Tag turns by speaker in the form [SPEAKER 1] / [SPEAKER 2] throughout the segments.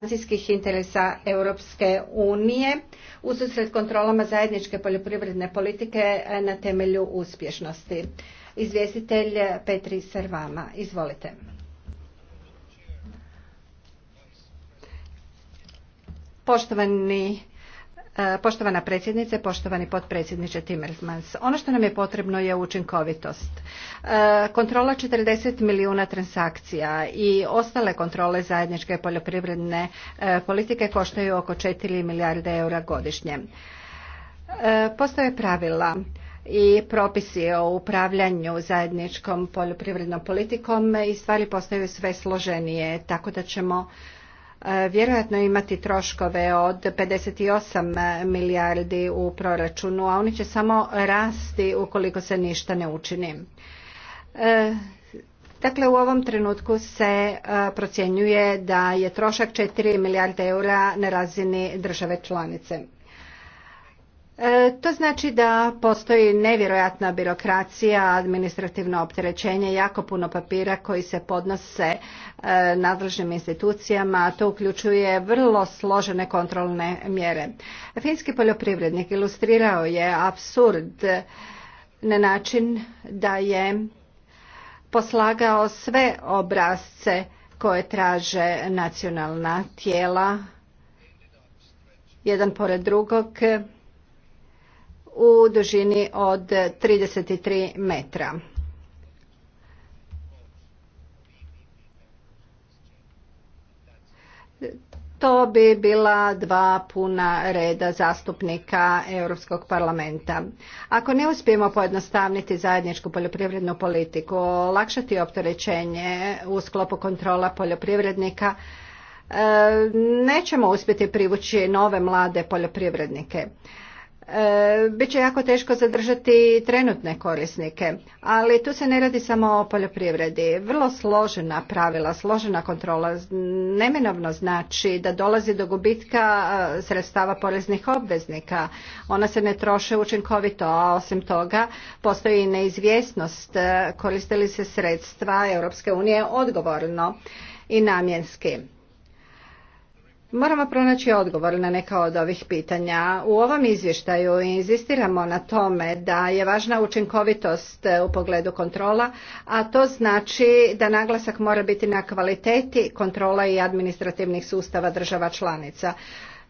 [SPEAKER 1] financijskih interesa Europske unije ususret kontrolama zajedničke poljoprivredne politike e, na temelju uspješnosti. Izvjestitelj e, Petri Servama, izvolite. Poštovani E, poštovana predsjednice, poštovani potpredsjedniče Timmermans, ono što nam je potrebno je učinkovitost. E, kontrola 40 milijuna transakcija i ostale kontrole zajedničke poljoprivredne e, politike koštaju oko 4 milijarde eura godišnje. Postoje pravila i propisi o upravljanju zajedničkom poljoprivrednom politikom i stvari postaju sve složenije, tako da ćemo E, vjerojatno imati troškove od 58 milijardi u proračunu, a oni će samo rasti ukoliko se ništa ne učini. E, dakle, u ovom trenutku se e, procjenjuje da je trošak 4 milijarde eura na razini države članice. E, to znači da postoji nevjerojatna birokracija, administrativno opterećenje, jako puno papira koji se podnose e, nadležnim institucijama, a to uključuje vrlo složene kontrolne mjere. Finski poljoprivrednik ilustrirao je absurd na način da je poslagao sve obrazce koje traže nacionalna tijela, jedan pored drugog, u dužini od 33 metra. To bi bila dva puna reda zastupnika Europskog parlamenta. Ako ne uspijemo pojednostavniti zajedničku poljoprivrednu politiku, olakšati opterećenje u sklopu kontrola poljoprivrednika, e, nećemo uspjeti privući nove mlade poljoprivrednike. E, Biće jako teško zadržati trenutne korisnike, ali tu se ne radi samo o poljoprivredi. Vrlo složena pravila, složena kontrola nemenovno znači da dolazi do gubitka e, sredstava poreznih obveznika. Ona se ne troše učinkovito, a osim toga postoji neizvjesnost e, koristili se sredstva Europske unije odgovorno i namjenski. Moramo pronaći odgovor na neka od ovih pitanja. U ovom izvještaju inzistiramo na tome da je važna učinkovitost e, u pogledu kontrola, a to znači da naglasak mora biti na kvaliteti kontrola i administrativnih sustava država članica.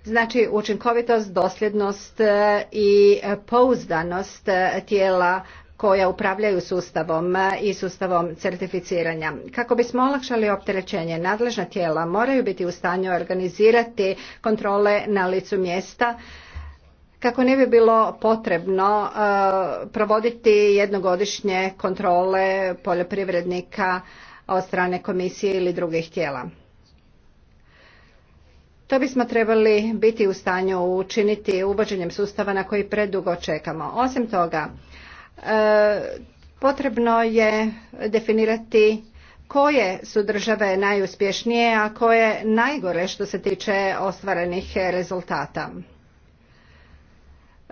[SPEAKER 1] Znači učinkovitost, dosljednost e, i e, pouzdanost tijela koja upravljaju sustavom i sustavom certificiranja. Kako bismo olakšali opterećenje, nadležna tijela moraju biti u stanju organizirati kontrole na licu mjesta kako ne bi bilo potrebno e, provoditi jednogodišnje kontrole poljoprivrednika od strane komisije ili drugih tijela. To bismo trebali biti u stanju učiniti uvođenjem sustava na koji predugo čekamo. Osim toga, potrebno je definirati koje su države najuspješnije, a koje najgore što se tiče ostvarenih rezultata.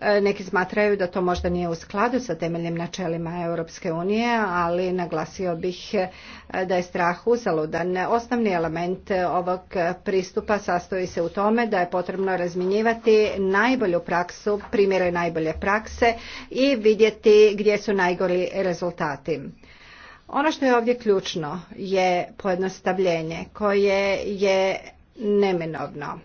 [SPEAKER 1] E, neki smatraju da to možda nije u skladu sa temeljnim načelima Europske unije, ali naglasio bih e, da je strah uzaludan. Osnovni element ovog pristupa sastoji se u tome da je potrebno razminjivati najbolju praksu, primjere najbolje prakse i vidjeti gdje su najgori rezultati. Ono što je ovdje ključno je pojednostavljenje koje je neminovno.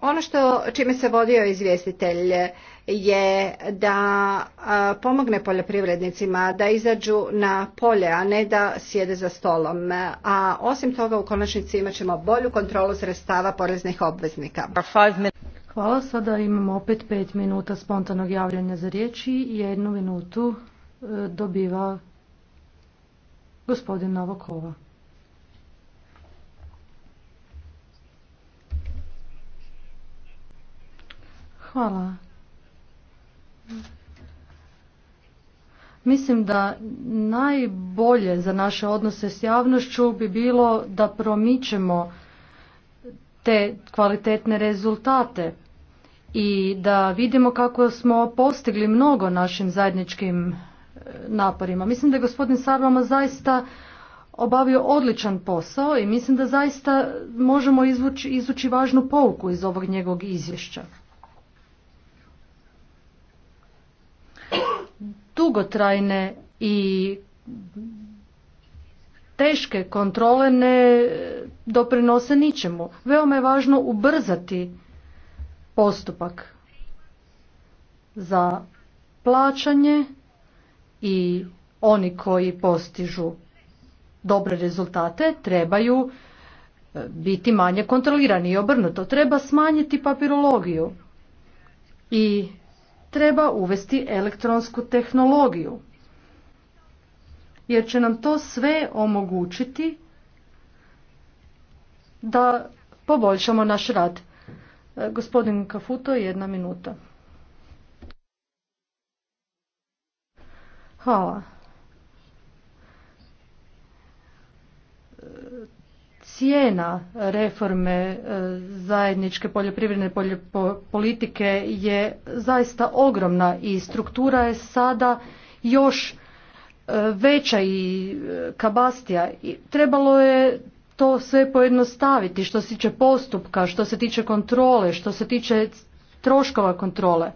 [SPEAKER 1] ono što čime se vodio izvjestitelj je da pomogne poljoprivrednicima da izađu na polje, a ne da sjede za stolom. A osim toga u konačnici imat ćemo bolju kontrolu sredstava poreznih obveznika.
[SPEAKER 2] Hvala, sada imamo opet pet minuta spontanog javljanja za riječi i jednu minutu e, dobiva gospodin Novokova. Hvala. Mislim da najbolje za naše odnose s javnošću bi bilo da promičemo te kvalitetne rezultate i da vidimo kako smo postigli mnogo našim zajedničkim e, naporima. Mislim da je gospodin Sarvama zaista obavio odličan posao i mislim da zaista možemo izvući, izvući važnu pouku iz ovog njegovog izvješća. dugotrajne i teške kontrole ne doprinose ničemu. Veoma je važno ubrzati postupak za plaćanje i oni koji postižu dobre rezultate trebaju e, biti manje kontrolirani i obrnuto. Treba smanjiti papirologiju i treba uvesti elektronsku tehnologiju. Jer će nam to sve omogućiti da poboljšamo naš rad. E, gospodin Kafuto, jedna minuta. Hvala. cijena reforme e, zajedničke poljoprivredne politike je zaista ogromna i struktura je sada još e, veća i e, kabastija. Trebalo je to sve pojednostaviti što se tiče postupka, što se tiče kontrole, što se tiče troškova kontrole.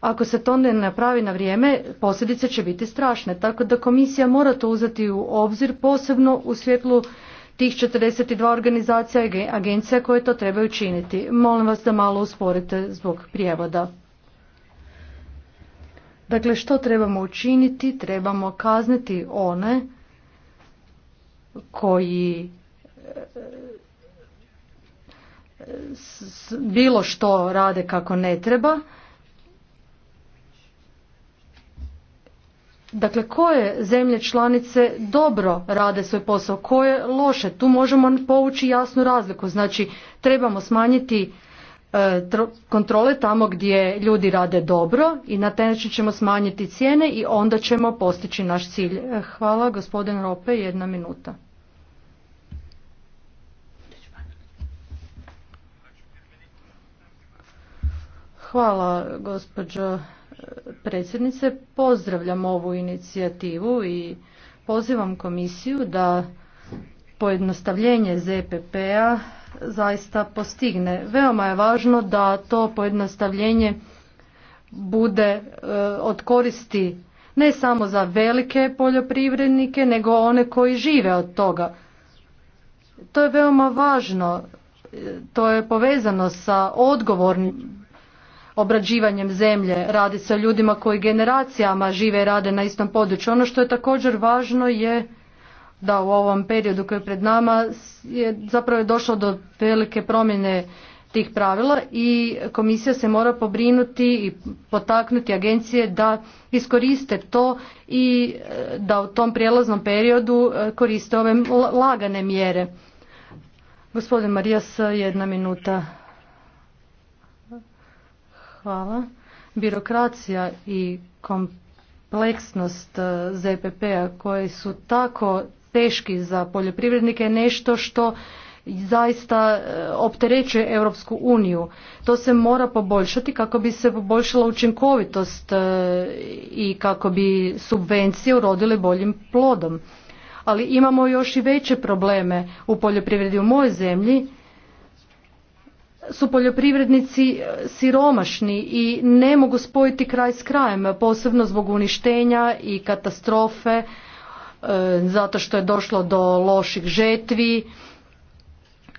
[SPEAKER 2] Ako se to ne napravi na vrijeme, posljedice će biti strašne, tako da komisija mora to uzeti u obzir, posebno u svjetlu tih 42 organizacija i agencija koje to trebaju činiti. Molim vas da malo usporite zbog prijevoda. Dakle, što trebamo učiniti? Trebamo kazniti one koji e, e, bilo što rade kako ne treba Dakle, koje zemlje članice dobro rade svoj posao, koje loše? Tu možemo povući jasnu razliku. Znači, trebamo smanjiti e, kontrole tamo gdje ljudi rade dobro i na taj način ćemo smanjiti cijene i onda ćemo postići naš cilj. E, hvala gospodin Rope, jedna minuta. Hvala gospođo predsjednice. Pozdravljam ovu inicijativu i pozivam komisiju da pojednostavljenje ZPP-a zaista postigne. Veoma je važno da to pojednostavljenje bude e, od koristi ne samo za velike poljoprivrednike, nego one koji žive od toga. To je veoma važno, e, to je povezano sa odgovornim obrađivanjem zemlje. Radi se o ljudima koji generacijama žive i rade na istom području. Ono što je također važno je da u ovom periodu koji je pred nama je zapravo je došlo do velike promjene tih pravila i komisija se mora pobrinuti i potaknuti agencije da iskoriste to i e, da u tom prijelaznom periodu e, koriste ove lagane mjere. Gospodin Marijas, jedna minuta. Hvala. Birokracija i kompleksnost e, ZPP-a koji su tako teški za poljoprivrednike je nešto što zaista e, opterećuje Europsku uniju. To se mora poboljšati kako bi se poboljšala učinkovitost e, i kako bi subvencije urodile boljim plodom. Ali imamo još i veće probleme u poljoprivredi u mojoj zemlji su poljoprivrednici e, siromašni i ne mogu spojiti kraj s krajem, posebno zbog uništenja i katastrofe, e, zato što je došlo do loših žetvi,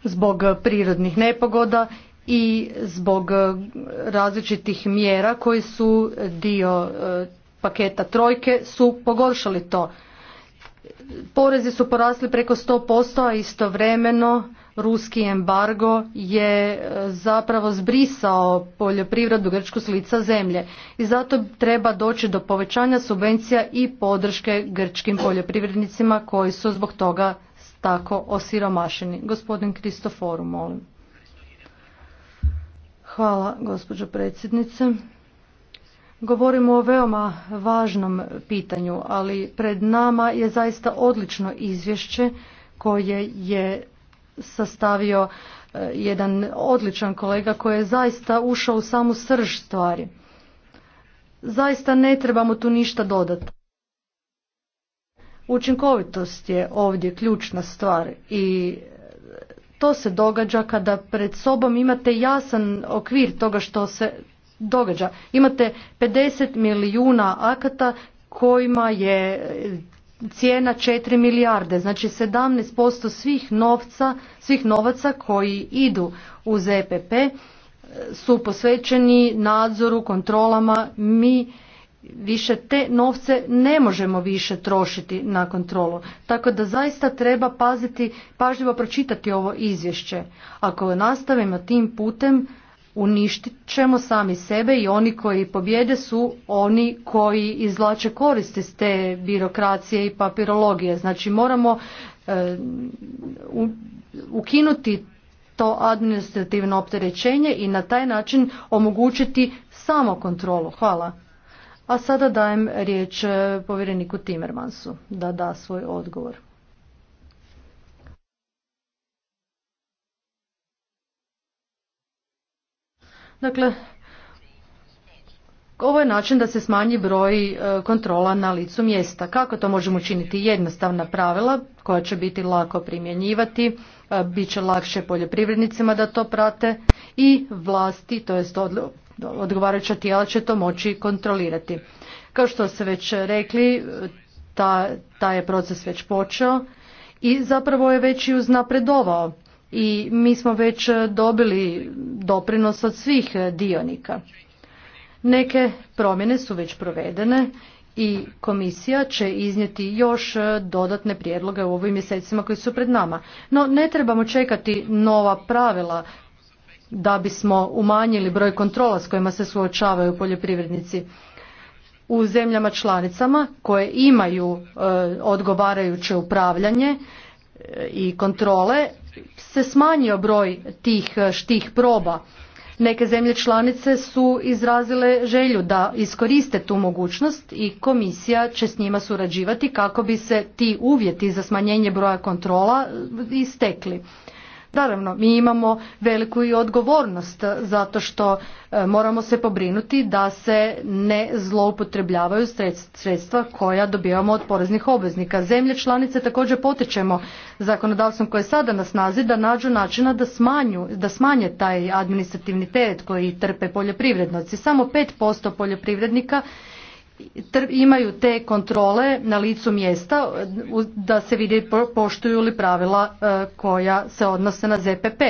[SPEAKER 2] zbog prirodnih nepogoda i zbog e, različitih mjera koji su dio paketa trojke su pogoršali to porezi su porasli preko 100%, a istovremeno ruski embargo je e, zapravo zbrisao poljoprivredu Grčku s lica zemlje i zato treba doći do povećanja subvencija i podrške grčkim poljoprivrednicima koji su zbog toga tako osiromašeni. Gospodin Kristoforu, molim. Hvala, gospođo predsjednice. Govorimo o veoma važnom pitanju, ali pred nama je zaista odlično izvješće koje je sastavio e, jedan odličan kolega koji je zaista ušao u samu srž stvari. Zaista ne trebamo tu ništa dodati. Učinkovitost je ovdje ključna stvar i to se događa kada pred sobom imate jasan okvir toga što se događa. Imate 50 milijuna akata kojima je e, cijena 4 milijarde, znači 17% svih novca, svih novaca koji idu u ZPP e e, su posvećeni nadzoru, kontrolama. Mi više te novce ne možemo više trošiti na kontrolu. Tako da zaista treba paziti, pažljivo pročitati ovo izvješće. Ako nastavimo tim putem, uništit ćemo sami sebe i oni koji pobjede su oni koji izvlače koriste s te birokracije i papirologije. Znači moramo e, ukinuti to administrativno opterećenje i na taj način omogućiti samo kontrolu. Hvala. A sada dajem riječ e, povjereniku Timmermansu da da svoj odgovor. Dakle, ovo je način da se smanji broj e, kontrola na licu mjesta. Kako to možemo učiniti? Jednostavna pravila koja će biti lako primjenjivati, e, bit će lakše poljoprivrednicima da to prate i vlasti, to jest odgovarajuća tijela će to moći kontrolirati. Kao što se već rekli, e, ta, je proces već počeo i zapravo je već i uznapredovao i mi smo već dobili doprinos od svih e, dionika. Neke promjene su već provedene i komisija će iznijeti još e, dodatne prijedloge u ovim mjesecima koji su pred nama. No ne trebamo čekati nova pravila da bismo umanjili broj kontrola s kojima se suočavaju poljoprivrednici u zemljama članicama koje imaju e, odgovarajuće upravljanje i kontrole se smanjio broj tih štih proba. Neke zemlje članice su izrazile želju da iskoriste tu mogućnost i komisija će s njima surađivati kako bi se ti uvjeti za smanjenje broja kontrola istekli. Naravno, mi imamo veliku i odgovornost zato što e, moramo se pobrinuti da se ne zloupotrebljavaju sredstva koja dobivamo od poreznih obveznika. Zemlje članice također potičemo zakonodavstvom koje je sada na snazi da nađu načina da, smanju, da smanje taj administrativni teret koji trpe poljoprivrednici. Samo 5% poljoprivrednika imaju te kontrole na licu mjesta da se vidi poštuju li pravila e, koja se odnose na ZPP.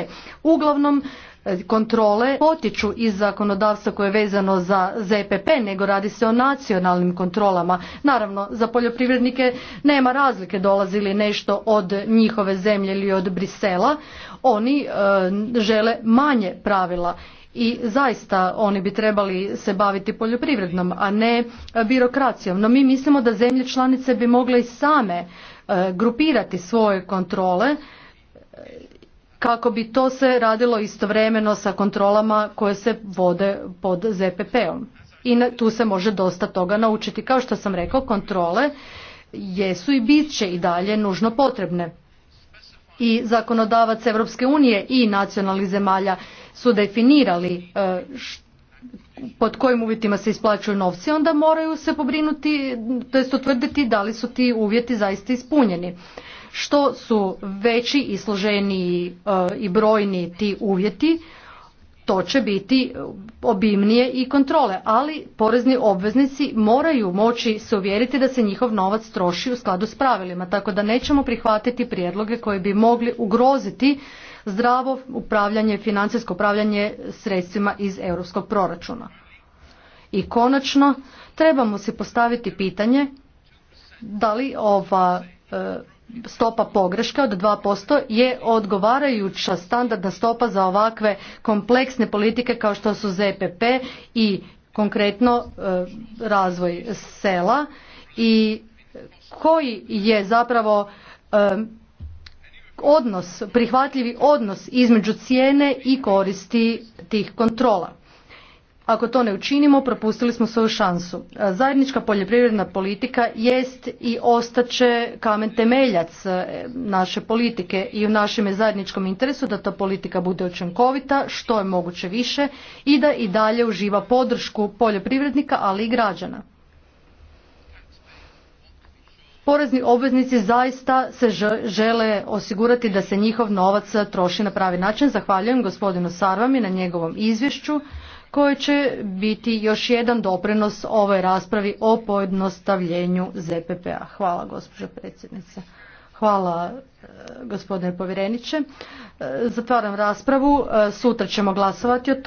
[SPEAKER 2] Uglavnom e, kontrole potiču iz zakonodavstva koje je vezano za ZPP, nego radi se o nacionalnim kontrolama. Naravno, za poljoprivrednike nema razlike dolazi li nešto od njihove zemlje ili od Brisela. Oni e, žele manje pravila i zaista oni bi trebali se baviti poljoprivrednom, a ne e, birokracijom. No mi mislimo da zemlje članice bi mogle i same e, grupirati svoje kontrole e, kako bi to se radilo istovremeno sa kontrolama koje se vode pod ZPP-om. I tu se može dosta toga naučiti. Kao što sam rekao, kontrole jesu i bit će i dalje nužno potrebne i zakonodavac Europske unije i nacionalnih zemalja su definirali e, pod kojim uvjetima se isplaćuju novci, onda moraju se pobrinuti, to utvrditi da li su ti uvjeti zaista ispunjeni. Što su veći i složeniji e, i brojni ti uvjeti, to će biti obimnije i kontrole, ali porezni obveznici moraju moći se uvjeriti da se njihov novac troši u skladu s pravilima, tako da nećemo prihvatiti prijedloge koji bi mogli ugroziti zdravo upravljanje, financijsko upravljanje sredstvima iz europskog proračuna. I konačno, trebamo se postaviti pitanje da li ova e, stopa pogreške od 2% je odgovarajuća standardna stopa za ovakve kompleksne politike kao što su ZPP i konkretno e, razvoj sela i koji je zapravo e, odnos, prihvatljivi odnos između cijene i koristi tih kontrola. Ako to ne učinimo, propustili smo svoju šansu. E, zajednička poljoprivredna politika jest i ostaće kamen temeljac e, naše politike i u našem zajedničkom interesu da ta politika bude učinkovita, što je moguće više i da i dalje uživa podršku poljoprivrednika, ali i građana. Porezni obveznici zaista se žele osigurati da se njihov novac troši na pravi način. Zahvaljujem gospodinu Sarvami na njegovom izvješću koje će biti još jedan doprinos ovoj raspravi o pojednostavljenju ZPP-a. Hvala gospođo predsjednice. Hvala e, gospodine povjereniče. E, zatvaram raspravu. E, sutra ćemo glasovati o tome.